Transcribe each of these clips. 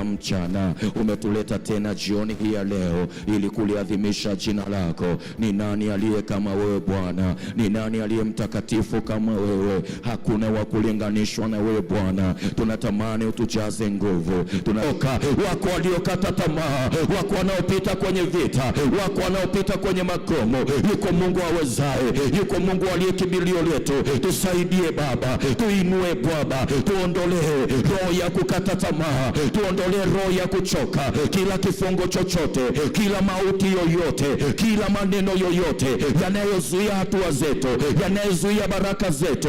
umetutenda mchana, umetuleta tena jioni hii ya leo ili kuliadhimisha jina lako. Ni nani aliye kama wewe Bwana? Ni nani aliye mtakatifu kama wewe? Hakuna wa kulinganishwa na wewe Bwana. Tunatamani utujaze nguvu, tunatoka wako waliokata tamaa, wako wanaopita kwenye vita, wako wanaopita kwenye makomo. Yuko Mungu awezaye, yuko Mungu aliye kimbilio letu. Tusaidie Baba, tuinue Baba, tuondolee roho ya kukata tamaa, tuondolee tuondolee roho ya kuchoka, kila kifungo chochote, kila mauti yoyote, kila maneno yoyote yanayozuia hatua zetu, yanayozuia baraka zetu.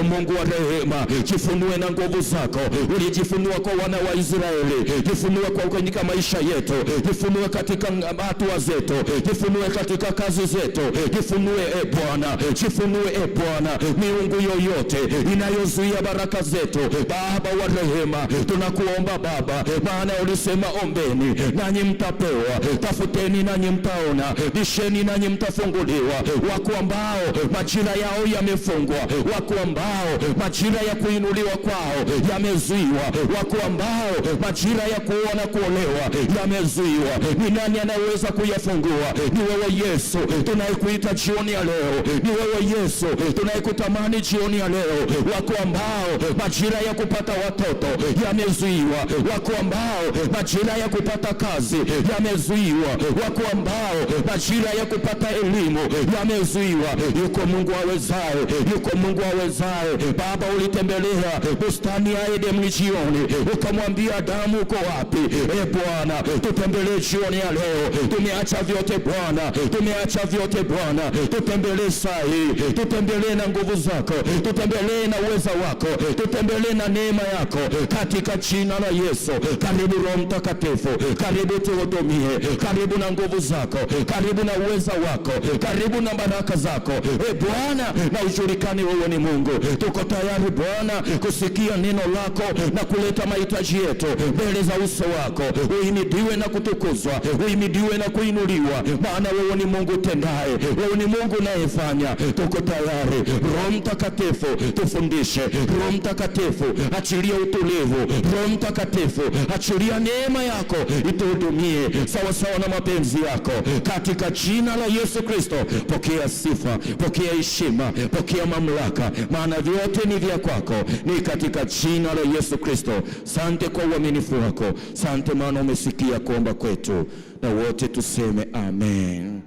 O Mungu wa rehema, jifunue na nguvu zako. Ulijifunua kwa wana wa Israeli, jifunue kwa kwenyika maisha yetu, jifunue katika hatua zetu, jifunue katika kazi zetu, jifunue e Bwana, jifunue e Bwana. Miungu yoyote inayozuia baraka zetu, Baba wa rehema, tunakuomba Baba maana ulisema ombeni nanyi mtapewa, tafuteni nanyi mtaona, bisheni nanyi mtafunguliwa. Wako ambao majira yao yamefungwa, wako ambao majira ya kuinuliwa kwao yamezuiwa, wako ambao majira ya kuoa na kuolewa yamezuiwa. Ni nani anayeweza kuyafungua? Ni wewe Yesu tunayekuita jioni ya leo, ni wewe Yesu tunayekutamani jioni ya leo. Wako ambao majira ya kupata watoto yamezuiwa, wako ambao majira ya kupata kazi yamezuiwa, wako ambao majira ya kupata elimu yamezuiwa. Yuko Mungu awezaye, yuko Mungu awezaye. Baba, ulitembelea bustani ya Edeni jioni, ukamwambia Adamu, uko wapi? E Bwana, tutembelee jioni ya leo. Tumeacha vyote Bwana, tumeacha vyote Bwana, tutembelee saa hii, tutembelee na nguvu zako, tutembelee na uweza wako, tutembelee na neema yako, katika jina la Yesu. Karibu Roho Mtakatifu, karibu tuhudumie, karibu na nguvu zako, karibu na uweza wako, karibu na baraka zako. E Bwana, na ujulikane wewe ni Mungu. Tuko tayari Bwana kusikia neno lako na kuleta mahitaji yetu mbele za uso wako. Uhimidiwe na kutukuzwa, uhimidiwe na kuinuliwa, maana wewe ni Mungu tendaye, wewe ni Mungu unayefanya. Tuko tayari Roho Mtakatifu, tufundishe. Roho Mtakatifu, achilie utulivu. Roho Mtakatifu, achilia neema yako ituhudumie sawasawa na mapenzi yako, katika jina la Yesu Kristo. Pokea sifa, pokea heshima, pokea mamlaka, maana vyote ni vya kwako, ni katika jina la Yesu Kristo. Sante kwa uaminifu wako, sante maana umesikia kuomba kwetu, na wote tuseme amen.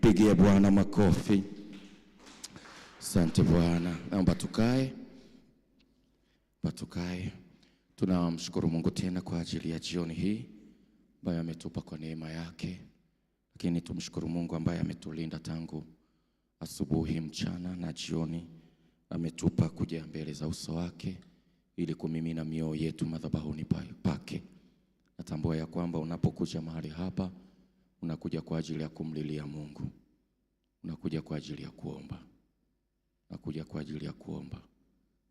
pigie Bwana makofi. sante Bwana, naomba tukae, naomba Tunamshukuru Mungu tena kwa ajili ya jioni hii ambayo ametupa kwa neema yake, lakini tumshukuru Mungu ambaye ametulinda tangu asubuhi, mchana na jioni, ametupa kuja mbele za uso wake ili kumimina mioyo yetu madhabahuni pake. Natambua ya kwamba unapokuja mahali hapa unakuja kwa ajili ya kumlilia Mungu, unakuja kwa ajili ya kuomba, unakuja kwa ajili ya kuomba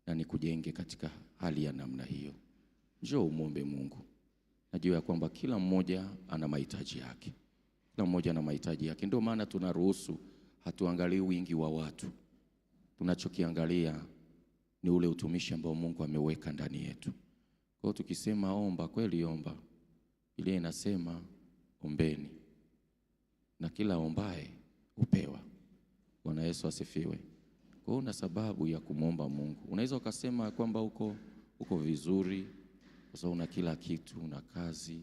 na nikujenge katika hali ya namna hiyo njoo umwombe Mungu. Najua ya kwamba kila mmoja ana mahitaji yake, kila mmoja ana mahitaji yake. Ndio maana tunaruhusu, hatuangalii wingi wa watu, tunachokiangalia ni ule utumishi ambao Mungu ameweka ndani yetu. Kwa hiyo tukisema omba, kweli omba, ile inasema ombeni na kila ombaye upewa Bwana Yesu asifiwe. Kwa hiyo una sababu ya kumwomba Mungu. Unaweza ukasema kwamba uko uko vizuri kwa sababu una kila kitu, una kazi,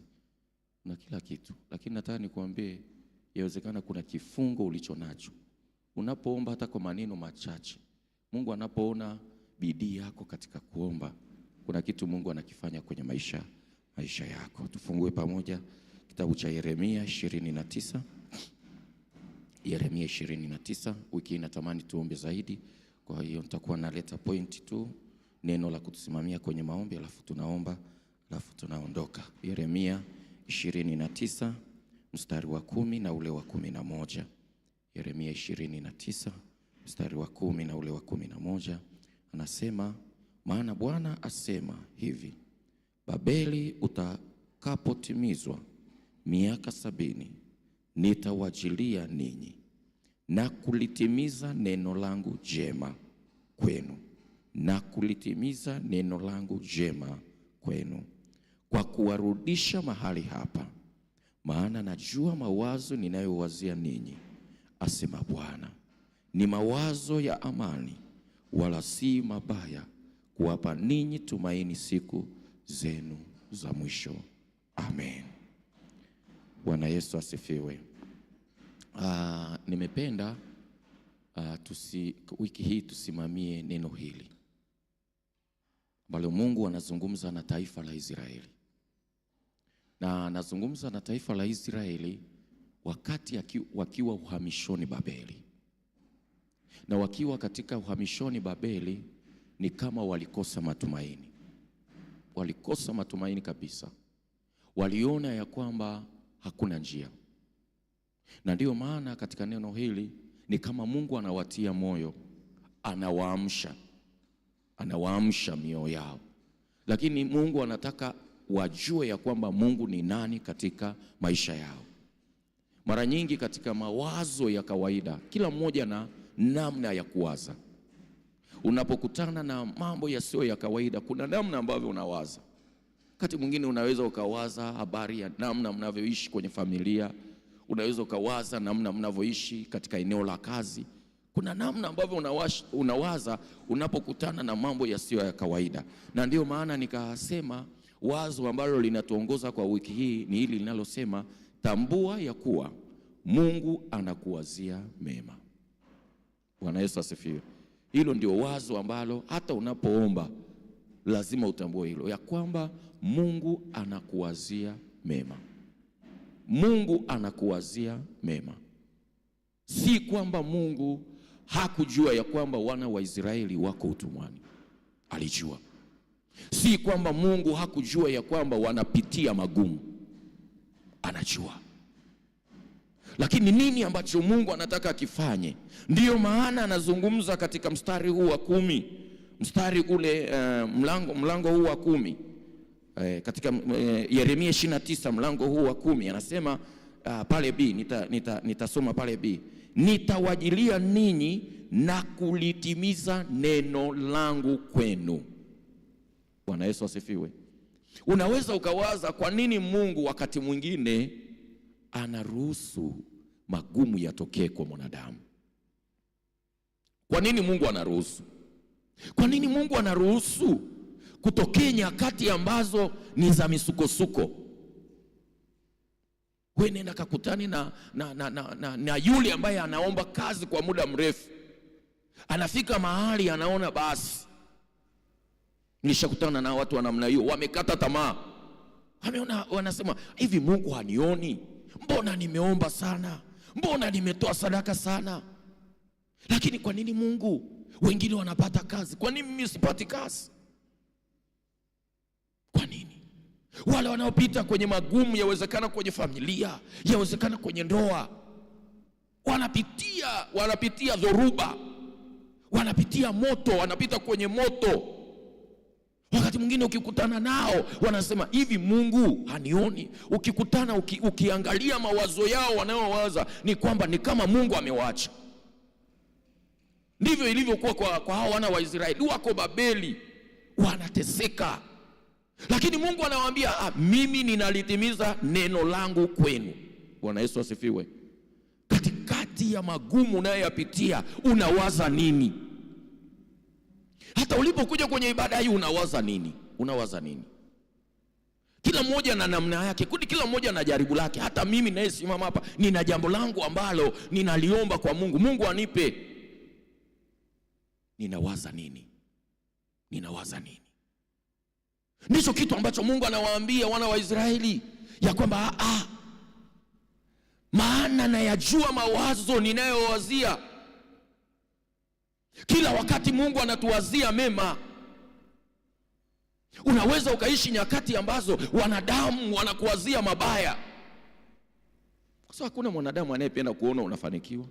una kila kitu. Lakini nataka nikuambie, yawezekana kuna kifungo ulicho nacho. Unapoomba hata kwa maneno machache, Mungu anapoona bidii yako katika kuomba, kuna kitu Mungu anakifanya kwenye maisha maisha yako. Tufungue pamoja kitabu cha Yeremia 29. Yeremia 29. Wiki inatamani natamani tuombe zaidi, kwa hiyo nitakuwa naleta point tu, neno la kutusimamia kwenye maombi, alafu tunaomba alafu tunaondoka. Yeremia 29 mstari wa kumi na ule wa kumi na moja. Yeremia 29 mstari wa kumi na ule wa kumi na moja anasema, maana Bwana asema hivi, Babeli utakapotimizwa miaka sabini, nitawajilia ninyi na kulitimiza neno langu jema kwenu, na kulitimiza neno langu jema kwenu kwa kuwarudisha mahali hapa, maana najua mawazo ninayowazia ninyi, asema Bwana, ni mawazo ya amani, wala si mabaya, kuwapa ninyi tumaini siku zenu za mwisho. Amen. Bwana Yesu asifiwe. Aa, ah, nimependa aa, ah, tusi, wiki hii tusimamie neno hili ambalo Mungu anazungumza na taifa la Israeli na nazungumza na taifa la Israeli wakati wakiwa uhamishoni Babeli, na wakiwa katika uhamishoni Babeli ni kama walikosa matumaini, walikosa matumaini kabisa, waliona ya kwamba hakuna njia, na ndiyo maana katika neno hili ni kama Mungu anawatia moyo, anawaamsha, anawaamsha mioyo yao, lakini Mungu anataka wajue ya kwamba Mungu ni nani katika maisha yao. Mara nyingi katika mawazo ya kawaida, kila mmoja na namna ya kuwaza. Unapokutana na mambo yasiyo ya kawaida, kuna namna ambavyo unawaza. Wakati mwingine unaweza ukawaza habari ya namna mnavyoishi kwenye familia, unaweza ukawaza namna mnavyoishi katika eneo la kazi. Kuna namna ambavyo unawaza unapokutana na mambo yasiyo ya kawaida, na ndiyo maana nikasema Wazo ambalo linatuongoza kwa wiki hii ni hili linalosema, tambua ya kuwa Mungu anakuwazia mema. Bwana Yesu asifiwe. Hilo ndio wazo ambalo hata unapoomba lazima utambue hilo ya kwamba Mungu anakuwazia mema. Mungu anakuwazia mema, si kwamba Mungu hakujua ya kwamba wana wa Israeli wako utumwani, alijua. Si kwamba Mungu hakujua ya kwamba wanapitia magumu, anajua, lakini nini ambacho Mungu anataka akifanye? Ndiyo maana anazungumza katika mstari huu wa kumi, mstari ule uh, mlango, mlango huu wa kumi uh, katika uh, Yeremia 29 mlango huu wa kumi anasema uh, pale B nitasoma nita, nita pale B nitawajilia ninyi na kulitimiza neno langu kwenu Bwana Yesu asifiwe. Unaweza ukawaza kwa nini Mungu wakati mwingine anaruhusu magumu yatokee kwa mwanadamu? Kwa nini Mungu anaruhusu? Kwa nini Mungu anaruhusu kutokea nyakati ambazo ni za misukosuko? We nenda kakutani na, na, na, na, na, na yule ambaye anaomba kazi kwa muda mrefu, anafika mahali anaona basi Nilishakutana na watu wa namna hiyo, wamekata tamaa, wameona, wanasema hivi, Mungu hanioni? Mbona nimeomba sana, mbona nimetoa sadaka sana, lakini kwa nini Mungu? Wengine wanapata kazi, kwa nini mimi sipati kazi? Kwa nini wale wanaopita kwenye magumu, yawezekana kwenye familia, yawezekana kwenye ndoa, wanapitia wanapitia dhoruba, wanapitia moto, wanapita kwenye moto Wakati mwingine ukikutana nao wanasema hivi, Mungu hanioni? Ukikutana uki, ukiangalia mawazo yao wanayowaza ni kwamba ni kama Mungu amewaacha. Ndivyo ilivyokuwa kwa, kwa hao wana wa Israeli, wako Babeli wanateseka, lakini Mungu anawaambia ah, mimi ninalitimiza neno langu kwenu. Bwana Yesu asifiwe. Katikati ya magumu unayoyapitia unawaza nini? Hata ulipokuja kwenye ibada hii unawaza nini? Unawaza nini? Kila mmoja na namna yake, kundi kila mmoja na jaribu lake. Hata mimi nayesimama hapa nina jambo langu ambalo ninaliomba kwa Mungu, Mungu anipe. Ninawaza nini? Ninawaza nini? Ndicho kitu ambacho Mungu anawaambia wana wa Israeli ya kwamba a, ah, ah, maana nayajua mawazo ninayowazia kila wakati Mungu anatuwazia mema. Unaweza ukaishi nyakati ambazo wanadamu wanakuwazia mabaya, kwa sababu hakuna mwanadamu anayependa kuona unafanikiwa.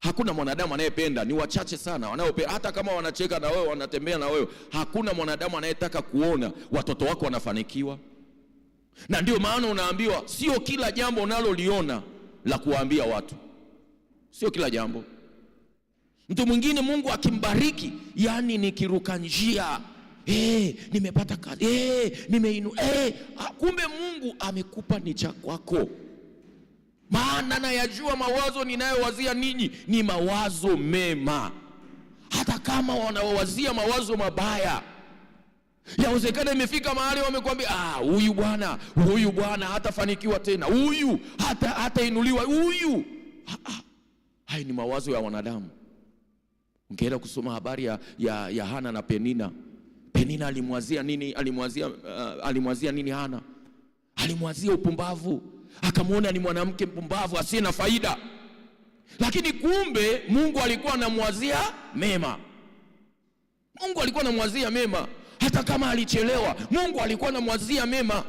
Hakuna mwanadamu anayependa, ni wachache sana wanaopenda, hata kama wanacheka na wewe, wanatembea na wewe. Hakuna mwanadamu anayetaka kuona watoto wako wanafanikiwa, na ndio maana unaambiwa sio kila jambo unaloliona la kuwaambia watu, sio kila jambo Mtu mwingine Mungu akimbariki, yani nikiruka njia Hey, eh, nimepata kazi hey, eh, nimeinu hey. Eh, ah, kumbe Mungu amekupa ni cha kwako, maana nayajua mawazo ninayowazia ninyi ni mawazo mema, hata kama wanawazia mawazo mabaya. Yawezekana imefika mahali wamekwambia, ah, huyu bwana huyu bwana hatafanikiwa tena, huyu hatainuliwa, hata huyu. Ah, ah, Haya ni mawazo ya wanadamu. Mkienda kusoma habari ya, ya, ya Hana na Penina, Penina alimwazia nini? Alimwazia, uh, alimwazia nini? Hana alimwazia upumbavu, akamwona ni mwanamke mpumbavu asiye na faida, lakini kumbe Mungu alikuwa anamwazia mema. Mungu alikuwa anamwazia mema, hata kama alichelewa, Mungu alikuwa anamwazia mema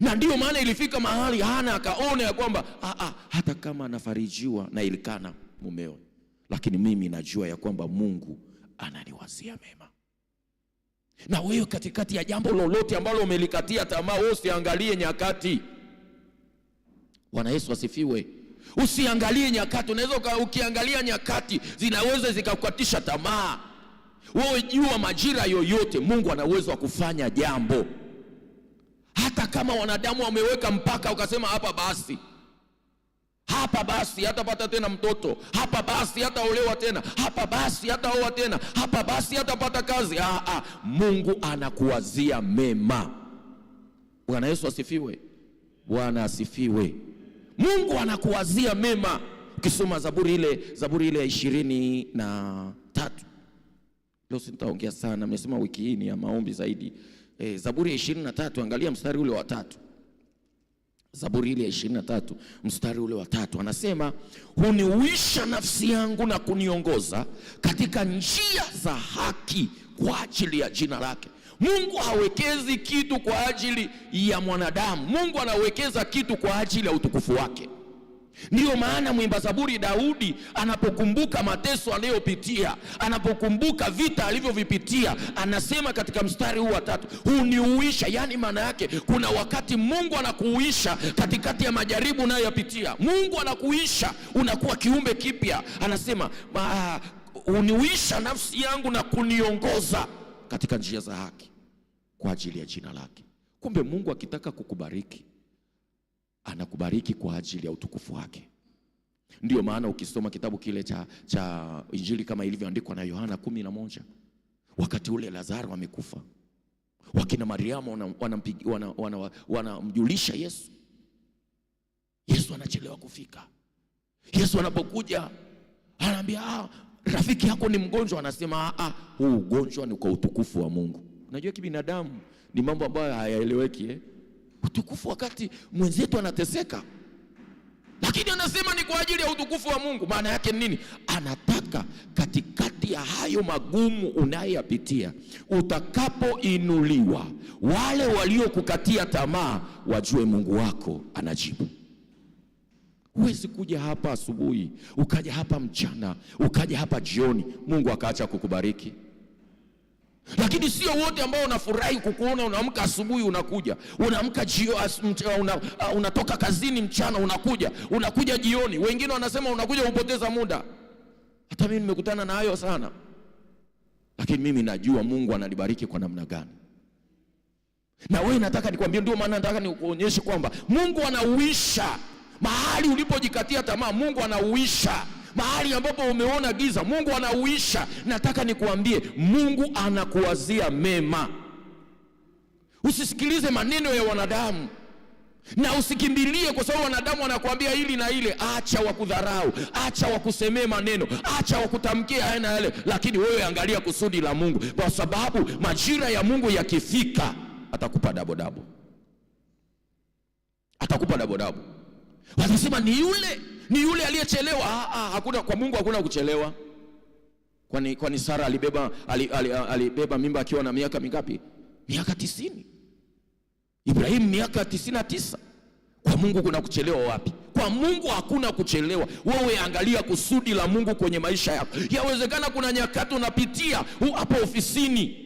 na ndiyo maana ilifika mahali Hana akaona ya kwamba a, ah, a, ah, hata kama anafarijiwa na Elikana mumewe, lakini mimi najua ya kwamba Mungu ananiwazia mema. Na wewe katikati ya jambo lolote ambalo umelikatia tamaa, wewe usiangalie nyakati. Bwana Yesu asifiwe. Usiangalie nyakati, unaweza ukiangalia nyakati zinaweza zikakukatisha tamaa. Wewe jua majira yoyote Mungu ana uwezo wa kufanya jambo, hata kama wanadamu wameweka mpaka ukasema hapa basi hapa basi hatapata tena mtoto, hapa basi hataolewa tena, hapa basi hataoa tena, hapa basi hatapata kazi. Ah, ah, Mungu anakuwazia mema. Bwana Yesu asifiwe! Bwana asifiwe! Mungu anakuwazia mema. Ukisoma Zaburi ile, Zaburi ile ya ishirini na tatu. Leo sitaongea sana, nimesema wiki hii ni ya maombi zaidi. Eh, Zaburi ya ishirini na tatu, angalia mstari ule wa tatu. Zaburi ile ya ishirini na tatu mstari ule wa tatu anasema, huniuisha nafsi yangu na kuniongoza katika njia za haki kwa ajili ya jina lake. Mungu hawekezi kitu kwa ajili ya mwanadamu. Mungu anawekeza kitu kwa ajili ya utukufu wake. Ndiyo maana mwimba Zaburi Daudi anapokumbuka mateso aliyopitia, anapokumbuka vita alivyovipitia, anasema katika mstari huu wa tatu, huniuisha. Yaani maana yake kuna wakati Mungu anakuuisha katikati ya majaribu unayoyapitia. Mungu anakuisha, unakuwa kiumbe kipya. Anasema huniuisha nafsi yangu na kuniongoza katika njia za haki kwa ajili ya jina lake. Kumbe Mungu akitaka kukubariki anakubariki kwa ajili ya utukufu wake. Ndiyo maana ukisoma kitabu kile cha, cha Injili kama ilivyoandikwa na Yohana kumi na moja, wakati ule Lazaro amekufa, wakina Mariamu wanamjulisha wana, wana, wana, wana Yesu. Yesu anachelewa kufika. Yesu anapokuja anaambia ah, rafiki yako ni mgonjwa. Anasema ah, ah, huu ugonjwa ni kwa utukufu wa Mungu. Unajua kibinadamu ni mambo ambayo hayaeleweki eh? utukufu wakati mwenzetu anateseka, lakini anasema ni kwa ajili ya utukufu wa Mungu. Maana yake ni nini? Anataka katikati ya hayo magumu unayoyapitia, utakapoinuliwa, wale waliokukatia tamaa wajue Mungu wako anajibu. Huwezi kuja hapa asubuhi ukaja hapa mchana ukaja hapa jioni Mungu akaacha kukubariki lakini sio wote ambao unafurahi kukuona unaamka asubuhi, unakuja unaamka jio, uh, una, uh, unatoka kazini mchana, unakuja unakuja jioni. Wengine wanasema unakuja kupoteza muda. Hata mimi nimekutana na hayo sana, lakini mimi najua Mungu analibariki kwa namna gani. Na wewe nataka nikwambie, ndio maana nataka nikuonyeshe kwamba Mungu anauisha mahali ulipojikatia tamaa. Mungu anauisha mahali ambapo umeona giza, Mungu anauisha. Nataka nikuambie, Mungu anakuwazia mema. Usisikilize maneno ya wanadamu na usikimbilie kwa sababu wanadamu wanakuambia hili na ile. Acha wakudharau, acha wakusemee maneno, acha wakutamkia haya na yale, lakini wewe angalia kusudi la Mungu, kwa sababu majira ya Mungu yakifika atakupa dabodabo, atakupa dabodabo. Watasema ni yule ni yule aliyechelewa. Ah, ah, hakuna kwa Mungu hakuna kuchelewa. Kwani kwani Sara alibeba ali, ali, alibeba mimba akiwa na miaka mingapi? Miaka tisini. Ibrahimu miaka tisini na tisa. Kwa Mungu kuna kuchelewa wapi? Kwa Mungu hakuna kuchelewa. Wewe angalia kusudi la Mungu kwenye maisha yako. Yawezekana kuna nyakati unapitia hapo ofisini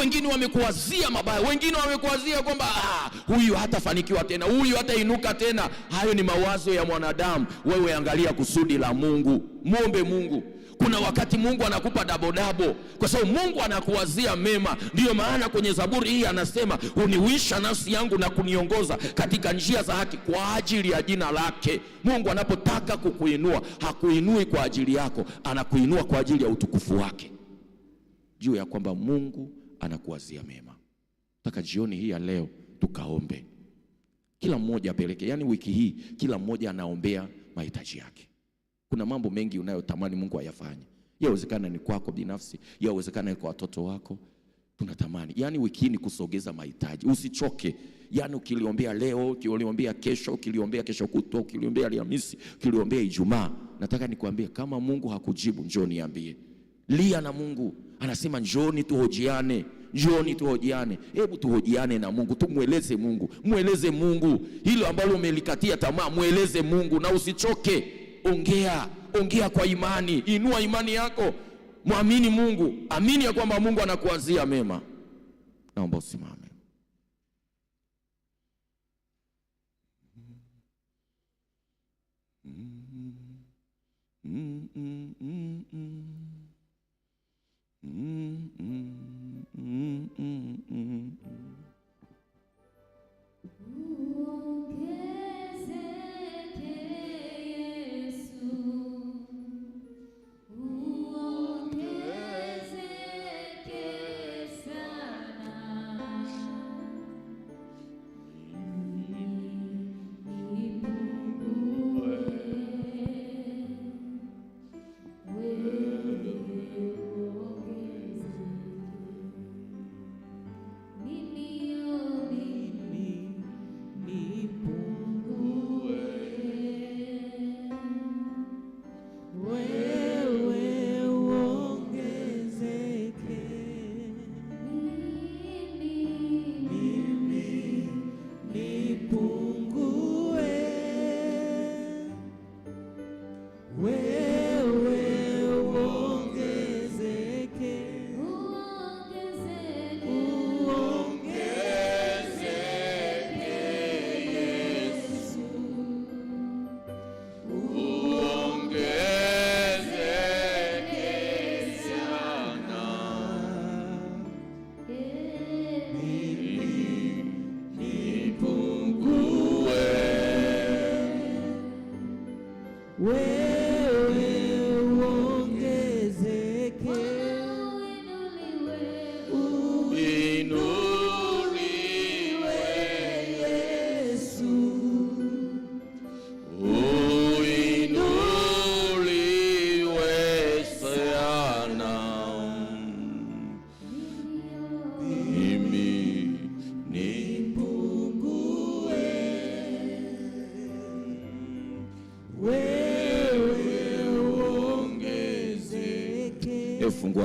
wengine wamekuwazia mabaya, wengine wamekuwazia kwamba ah, huyu hatafanikiwa tena, huyu hatainuka tena. Hayo ni mawazo ya mwanadamu. Wewe angalia kusudi la Mungu, muombe Mungu. Kuna wakati Mungu anakupa dabodabo kwa sababu Mungu anakuwazia mema. Ndiyo maana kwenye Zaburi hii anasema, uniwisha nafsi yangu na kuniongoza katika njia za haki kwa ajili ya jina lake. Mungu anapotaka kukuinua hakuinui kwa ajili yako, anakuinua kwa ajili ya utukufu wake, juu ya kwamba Mungu anakuwazia mema. Nataka jioni hii ya leo tukaombe, kila mmoja apeleke, yani wiki hii kila mmoja anaombea mahitaji yake. Kuna mambo mengi unayotamani Mungu ayafanye, yawezekana ni kwako binafsi, yawezekana ni kwa watoto wako tunatamani yani, wiki hii ni kusogeza mahitaji, usichoke. Yani ukiliombea leo, ukiliombea kesho, ukiliombea kesho kutwa, ukiliombea Alhamisi, ukiliombea Ijumaa, nataka nikwambie kama Mungu hakujibu, njoo niambie, lia na Mungu anasema njoni tuhojiane, njoni tuhojiane. Hebu tuhojiane na Mungu, tumweleze Mungu, mweleze Mungu hilo ambalo umelikatia tamaa, mweleze Mungu na usichoke. Ongea, ongea kwa imani, inua imani yako, mwamini Mungu, amini ya kwamba Mungu anakuanzia mema. Naomba usimame. Mm -mm -mm -mm. 嗯嗯嗯嗯嗯。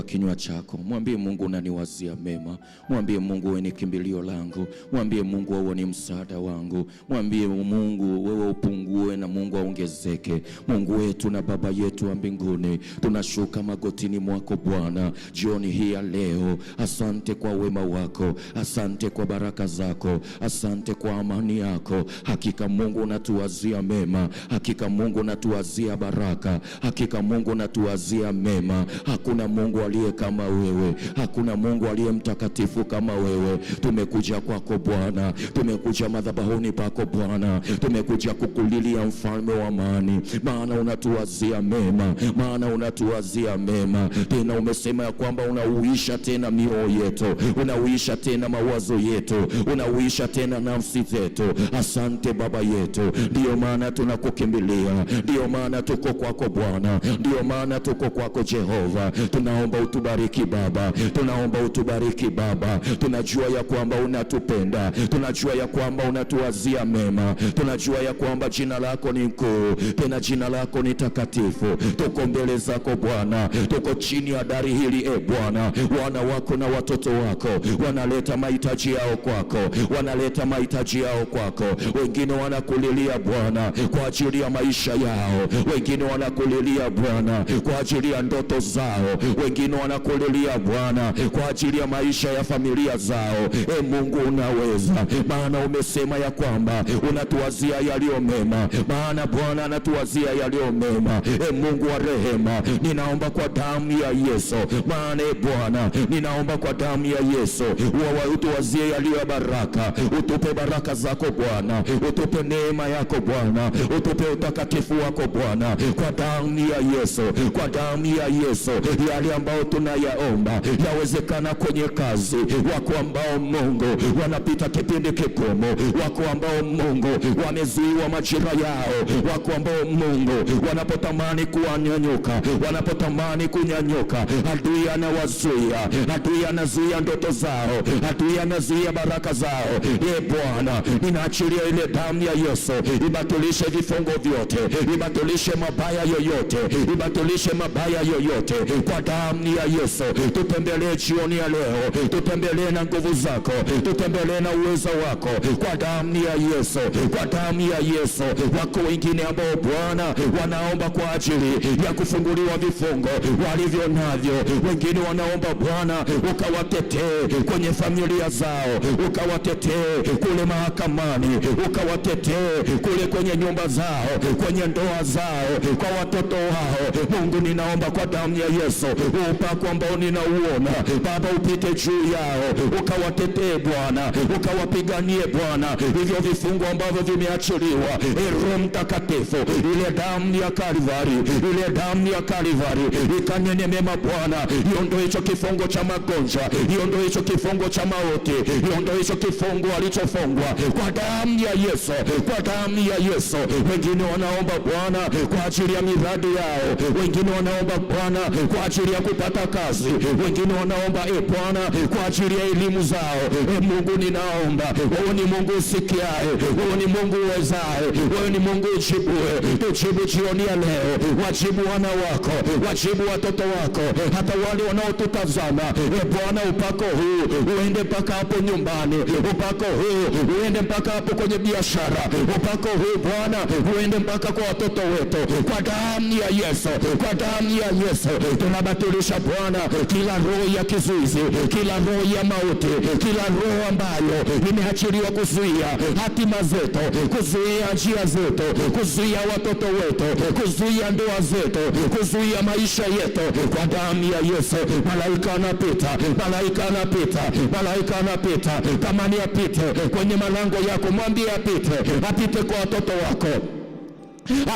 fungua kinywa chako, mwambie Mungu unaniwazia mema, mwambie Mungu wewe ni kimbilio langu, mwambie Mungu wewe ni msaada wangu, mwambie Mungu wewe upungue na Mungu aongezeke. Mungu wetu na Baba yetu wa mbinguni, tunashuka magotini mwako Bwana jioni hii ya leo. Asante kwa wema wako, asante kwa baraka zako, asante kwa amani yako. Hakika Mungu unatuwazia mema, hakika Mungu unatuwazia baraka, hakika Mungu unatuwazia mema. Hakuna Mungu aliye aliye kama wewe. Hakuna Mungu aliye mtakatifu kama wewe. Tumekuja kwako Bwana, tumekuja madhabahuni pako Bwana, tumekuja kukulilia mfalme wa amani, maana unatuwazia mema, maana unatuwazia mema. Tena umesema ya kwamba unauisha tena mioyo yetu, unauisha tena mawazo yetu, unauisha tena nafsi zetu. Asante Baba yetu, ndiyo maana tunakukimbilia, ndiyo maana tuko kwako Bwana, ndiyo maana tuko kwako Jehova, tunaomba utubariki Baba, tunaomba utubariki Baba. Tunajua ya kwamba unatupenda, tunajua ya kwamba unatuwazia mema, tunajua ya kwamba jina lako ni mkuu, tena jina lako ni takatifu. Tuko mbele zako Bwana, tuko chini ya dari hili e Bwana, wana wako na watoto wako wanaleta mahitaji yao kwako, wanaleta mahitaji yao kwako. Wengine wanakulilia Bwana kwa ajili ya maisha yao, wengine wanakulilia Bwana kwa ajili ya ndoto zao, wengine neno wanakulilia Bwana kwa ajili ya maisha ya familia zao. E Mungu unaweza, maana umesema ya kwamba unatuwazia yaliyo mema, maana Bwana anatuwazia yaliyo mema. E Mungu wa rehema, ninaomba kwa damu ya Yesu, maana e Bwana, ninaomba kwa damu ya Yesu utuwazie yaliyo ya baraka, utupe baraka zako Bwana, utupe neema yako Bwana, utupe utakatifu wako Bwana, kwa damu ya Yesu, kwa damu ya Yesu yale ambayo ambayo tunayaomba yawezekana kwenye kazi. Wako ambao Mungu wanapita kipindi kikomo, wako ambao Mungu wamezuiwa majira yao, wako ambao Mungu wanapotamani kuwanyanyuka, wanapotamani kunyanyuka, adui anawazuia, adui anazuia ndoto zao, adui anazuia baraka zao. E Bwana, ninaachilia ile damu ya Yesu ibatilishe vifungo vyote, ibatilishe mabaya yoyote, ibatilishe mabaya yoyote kwa damu ndani ya Yesu. Tutembelee jioni ya leo, tutembelee na nguvu zako, tutembelee na uwezo wako, kwa damu ya Yesu, kwa damu ya Yesu. Wako wengine ambao Bwana wanaomba kwa ajili ya kufunguliwa vifungo walivyo navyo, wengine wanaomba Bwana ukawatetee kwenye familia zao, ukawatetee kule mahakamani, ukawatetee kule kwenye nyumba zao, kwenye ndoa zao, kwa watoto wao. Mungu, ninaomba kwa damu ya Yesu upako ambao ninauona Baba, upite juu yao ukawatetee Bwana, ukawapiganie Bwana hivyo vifungo ambavyo vimeachiliwa. E Roho Mtakatifu, ile damu ya Kalivari, ile damu ya Kalivari ikanene mema Bwana, iondoe hicho kifungo cha magonjwa, iondoe hicho kifungo cha mauti, iondoe hicho kifungo alichofungwa kwa damu ya Yesu, kwa damu ya Yesu. Wengine wanaomba Bwana kwa ajili ya miradi yao, wengine wanaomba Bwana kwa ajili ya kupata wanataka kazi, wengine wanaomba e Bwana kwa ajili ya elimu zao. E Mungu, ninaomba wewe, ni Mungu usikiae wewe ni Mungu uwezae, wewe ni Mungu ujibue. tujibu jioni ya leo, wajibu wana wako, wajibu watoto wako, hata wale wanaotutazama. E Bwana, upako huu uende mpaka hapo nyumbani, upako huu uende mpaka hapo kwenye biashara, upako huu Bwana uende mpaka kwa watoto wetu, kwa damu ya Yesu, kwa damu ya Yesu tunabatilisha Bwana, kila roho ya kizuizi, kila roho ya mauti, kila roho ambayo imeachiliwa kuzuia hatima zetu, kuzuia njia zetu, kuzuia watoto wetu, kuzuia ndoa zetu, kuzuia maisha yetu, kwa damu ya Yesu, malaika anapita, malaika anapita, malaika anapita. Tamani apite kwenye malango yako, mwambie apite, apite kwa watoto wako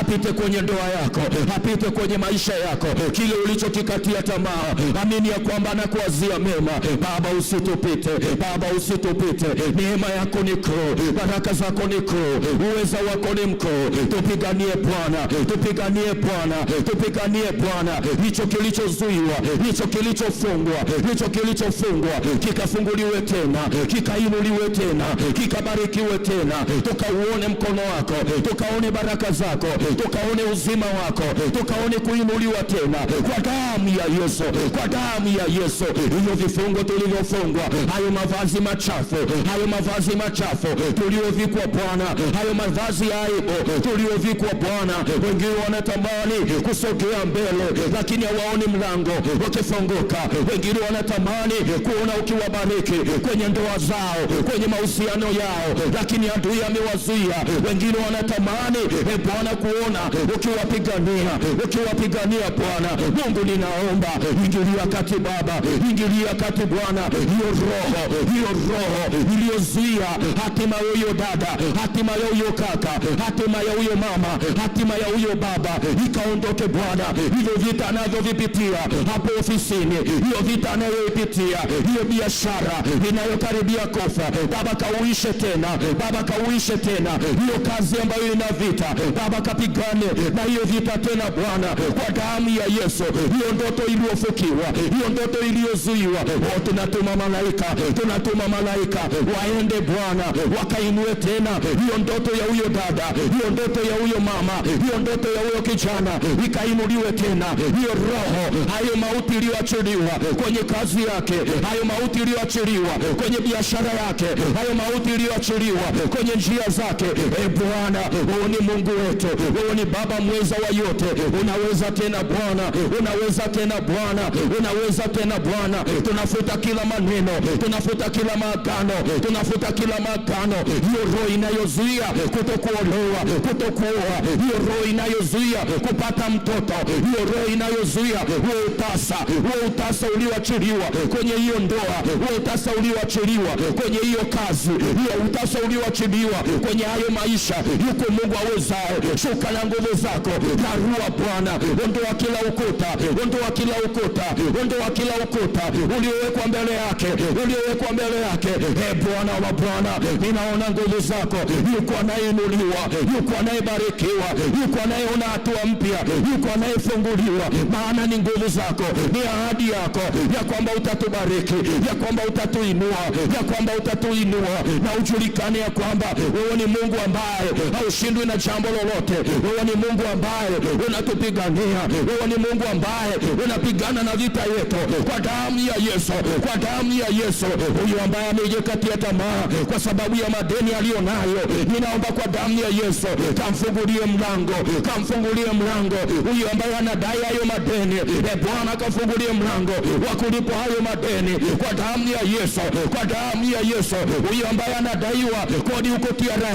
apite kwenye ndoa yako, apite kwenye maisha yako, kile ulichokikatia tamaa. Amini ya kwamba anakuazia mema. Baba, usitupite, Baba, usitupite. Neema yako ni kuu, baraka zako ni kuu, uweza wako ni mkuu. Tupiganie Bwana, tupiganie Bwana, tupiganie Bwana. Hicho kilichozuiwa, hicho kilichofungwa, hicho kilichofungwa kikafunguliwe tena, kikainuliwe tena, kikabarikiwe tena, tukauone mkono wako, tukaone baraka zako wako, tukaone uzima wako, tukaone kuinuliwa tena kwa damu ya Yesu, kwa damu ya Yesu. Hivyo vifungo tulivyofungwa, hayo mavazi machafu, hayo mavazi machafu tuliovikwa Bwana, hayo mavazi ya aibu tuliovikwa Bwana. Wengine wanatamani kusogea mbele, lakini hawaoni mlango wakifunguka. Wengine wanatamani kuona ukiwabariki kwenye ndoa zao, kwenye mahusiano yao, lakini adui amewazuia. Wengine wanatamani e Bwana anakuona ukiwapigania, ukiwapigania Bwana Mungu, ninaomba ingilia kati Baba, ingilia kati Bwana, hiyo roho, hiyo roho iliyozuia hatima ya huyo dada, hatima ya huyo kaka, hatima ya huyo mama, hatima ya huyo baba, ikaondoke Bwana. Hivyo vita anavyovipitia hapo ofisini, hiyo vita anayoipitia, hiyo biashara inayokaribia kufa, Baba kauishe tena, Baba kauishe tena, hiyo kazi ambayo ina vita Baba kapigane na hiyo vita tena, Bwana, kwa damu ya Yesu, hiyo ndoto iliyofukiwa, hiyo ndoto iliyozuiwa, oh, tunatuma malaika, tunatuma malaika waende Bwana, wakainue tena hiyo ndoto ya huyo dada, hiyo ndoto ya huyo mama, hiyo ndoto ya huyo kijana ikainuliwe tena, hiyo roho, hayo mauti iliyoachiliwa kwenye kazi yake, hayo mauti iliyoachiliwa kwenye biashara yake, hayo mauti iliyoachiliwa kwenye njia zake. E Bwana, huu ni Mungu wetu yote, wewe ni Baba mweza wa yote. Unaweza tena Bwana, unaweza tena Bwana, unaweza tena Bwana. Tunafuta kila maneno, tunafuta kila maagano, tunafuta kila maagano, hiyo roho inayozuia kutokuolewa, kutokuoa, hiyo roho inayozuia kupata mtoto, hiyo roho inayozuia huo utasa, huo utasa ulioachiliwa kwenye hiyo ndoa, huo utasa ulioachiliwa kwenye hiyo kazi, hiyo utasa ulioachiliwa kwenye hayo maisha, yuko Mungu awezaye shuka na nguvu zako, rua Bwana, ondoa kila ukuta, ondoa kila ukuta, ondoa kila ukuta uliowekwa mbele yake, uliowekwa mbele yake. E Bwana wa Bwana, ninaona nguvu zako. Yuko anayeinuliwa, yuko anayebarikiwa, yuko anayeona hatua mpya, yuko anayefunguliwa, maana ni nguvu zako, ni ahadi yako ya kwamba utatubariki, ya kwamba utatuinua, ya kwamba utatuinua na ujulikane ya kwamba wewe ni Mungu ambaye haushindwi na jambo lolote yote. Wewe ni Mungu ambaye unatupigania, wewe ni Mungu ambaye unapigana na vita yetu kwa damu ya Yesu, kwa damu ya Yesu. Huyu ambaye amejikatia tamaa kwa sababu ya madeni aliyo nayo, ninaomba kwa damu ya Yesu kamfungulie mlango, kamfungulie mlango huyu ambaye anadai hayo madeni. E Bwana, kafungulie mlango wa kulipo hayo madeni kwa damu ya Yesu, kwa damu ya Yesu. Huyu ambaye anadaiwa kodi huko TRA,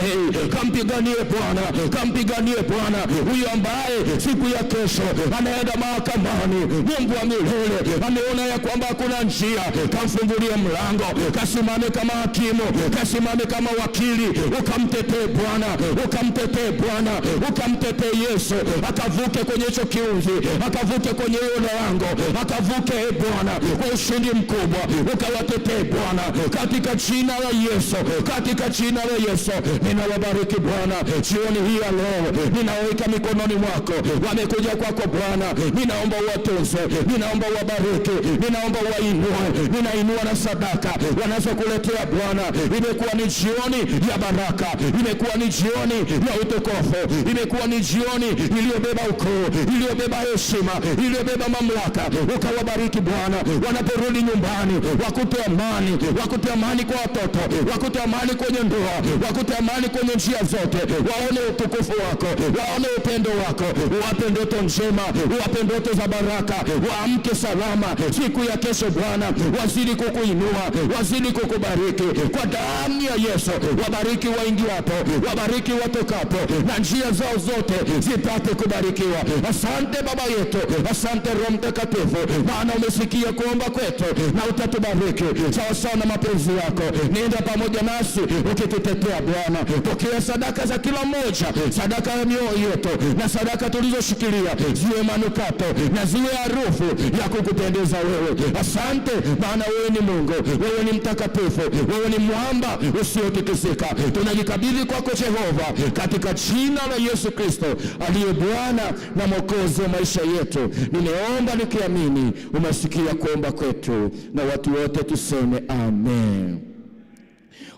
kampiganie Bwana, kampiganie Mwangalie Bwana huyo ambaye siku ya kesho anaenda mahakamani. Mungu wa milele ameona ya kwamba kuna njia, kamfungulie mlango, kasimame kama hakimu, kasimame kama wakili, ukamtetee Bwana, ukamtetee Bwana, ukamtetee Yesu, akavuke kwenye hicho kiunzi, akavuke kwenye hiyo lango, akavuke e Bwana, kwa ushindi mkubwa, ukawatetee Bwana, katika jina la Yesu, katika jina la Yesu. Ninawabariki Bwana jioni hii ya leo ninaweka mikononi mwako, wamekuja kwako Bwana, ninaomba uwatunze, ninaomba uwabariki, ninaomba uwainue, ninainua na sadaka wanazokuletea Bwana. Imekuwa ni jioni ya baraka, imekuwa ni jioni ya utukufu, imekuwa ni jioni iliyobeba ukuu, iliyobeba heshima, iliyobeba mamlaka. Ukawabariki Bwana, wanaporudi nyumbani, wakute amani, wakute amani kwa watoto, wakute amani kwenye ndoa, wakute amani kwenye njia zote, waone utukufu wa wako, waone upendo wako, wape ndoto njema, wape ndoto za baraka, waamke salama siku ya kesho. Bwana, wazidi kukuinua, wazidi kukubariki kwa damu ya Yesu. Wabariki waingiapo, wabariki watokapo, na njia zao zote zipate kubarikiwa. Asante Baba yetu, asante Roho Mtakatifu, maana umesikia kuomba kwetu na utatubariki sawasawa na mapenzi yako. Nenda pamoja nasi ukitutetea Bwana, pokea sadaka za kila mmoja sadaka sadaka ya mioyo yetu na sadaka tulizoshikilia ziwe manukato na ziwe harufu ya kukupendeza wewe. Asante, maana wewe ni Mungu, wewe ni mtakatifu, wewe ni mwamba usiotikisika. Tunajikabidhi kwako Jehova, katika jina la Yesu Kristo aliye Bwana na Mwokozi wa maisha yetu. Nimeomba nikiamini umesikia kuomba kwetu, na watu wote tuseme amen.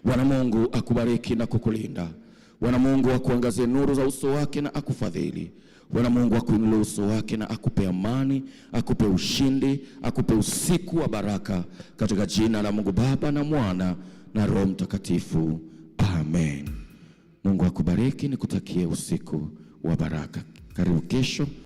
Bwana Mungu akubariki na kukulinda. Bwana Mungu akuangazie nuru za uso wake na akufadhili. Bwana Mungu akuinulie uso wake na akupe amani, akupe ushindi, akupe usiku wa baraka, katika jina la Mungu Baba na Mwana na Roho Mtakatifu, amen. Mungu akubariki, nikutakie usiku wa baraka. Karibu kesho.